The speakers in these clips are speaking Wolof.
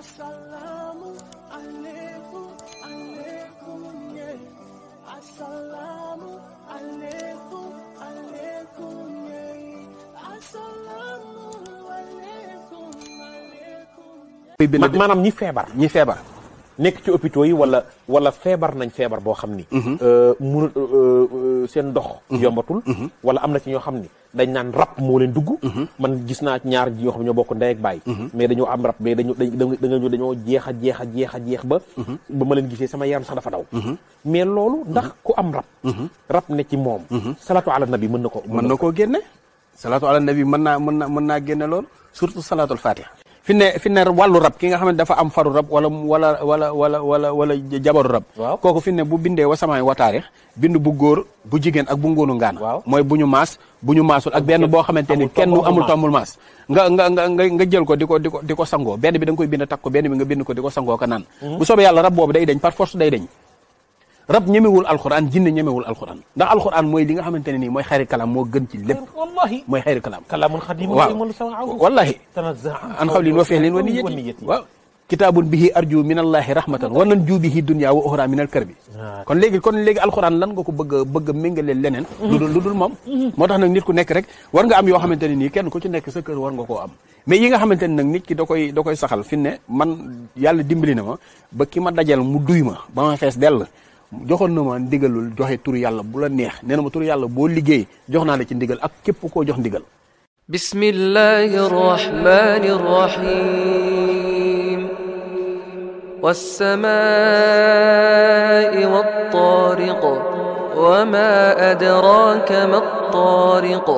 Assalamu alaikum alaikum ye Assalamu alaikum alaikum ye Assalamu alaikum alaikum Manam ñi febar, ñi febar. Nek ci hôpitaux yi wala wala fièvre nañ fièvre bo xamni euh euh sen dox mhm. yombatul mhm. wala amna ci ño xamni dañ nan rap mo len dugg mhm. man gis na ñaar ji yoo xam ño bokk nday ak bay mais dañu am rap mais dañu dañu dañoo jeex a jeex a jeex jeex ba ba ma len gisé sama yaram sax dafa daw mais lolu ndax ku am rap rap ne ci mom salatu ala nabi mën nako ko mën na salatu ala nabi mën na mën na mën lool surtout salatu al salatul fatiha fi ne fi ne wàllu rab ki nga xam ne dafa am faru rab wala wala wala wala wala wala jabaru rab kooku fi ne bu bindee wasamaay wataare bind bu góor bu jigéen ak bu ngóonu ngaan mooy bu ñu maas bu ñu maasul ak benn boo xamante ni kenn amul tombul maas nga nga nga nga jël ko di ko di ko di ko sangoo benn bi da nga koy bind ko benn bi nga bind ko di ko sangoo ko naan mhm. bu soobee yàlla rab boobu day dañ par force day dañ rab ñemewul alquran jinne ñemewul alquran ndax alquran moy li nga xamanteni ni moy mooy kalam mo gën ci lepp wallahi moy xayri kalam kalamun xadim waaw wallahi an qawlin wa fi'lin wa niyati wa kitabun bihi arju min rahmatan wa nan jubihi dunya wa ukhra min alkarbi kon léegi kon léegi alquran lan nga ko bëgg bëgg mengale lenen dudul dudul mom mm-hmm. motax nak nit ku nekk rek war nga am yo xamanteni ni kenn ku ci nekk sa kër war nga ko am mais yi nga xamanteni nak nit ki da koy da koy saxal fi ne man yalla dimbali na ma ba ki ma dajal mu duy ma ba ma fess del joxon na ma ndigalul joxe tur yàlla bu la neex nee na ma tur yàlla boo liggéey jox naa la ci ndigal ak képp koo jox ndigal بسم الله الرحمن الرحيم والسماء والطارق وما أدراك ما الطارق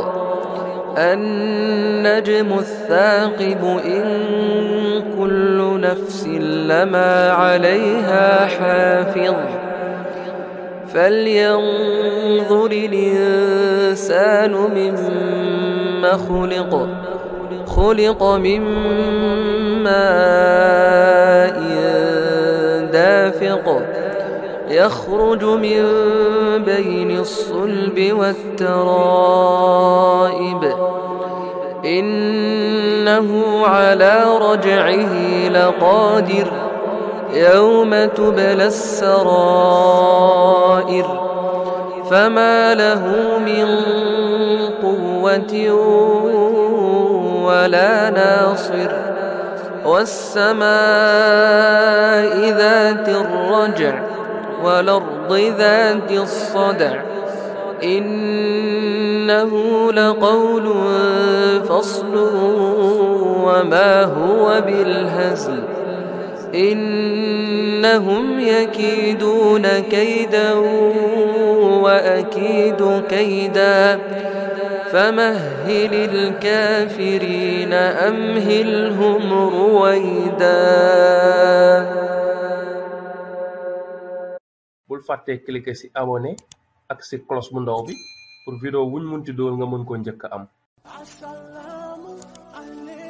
النجم الثاقب إن كل نفس لما عليها حافظ فلينظر الإنسان مما خلق خلق من ماء دافق يخرج من بين الصلب والترائب إنه على رجعه لقادر يوم تبلى السرائر فما له من قوة ولا ناصر والسماء ذات الرجع والأرض ذات الصدع إنه لقول فصل وما هو بالهزل إنهم يكيدون كيدا وأكيد كيدا فمهل الكافرين أمهلهم رويدا بول فاتي كليك سي ابوني اك سي كلوس بو ndaw بي pour vidéo wuñ mën ci nga mën ko ñëk am assalamu alaykum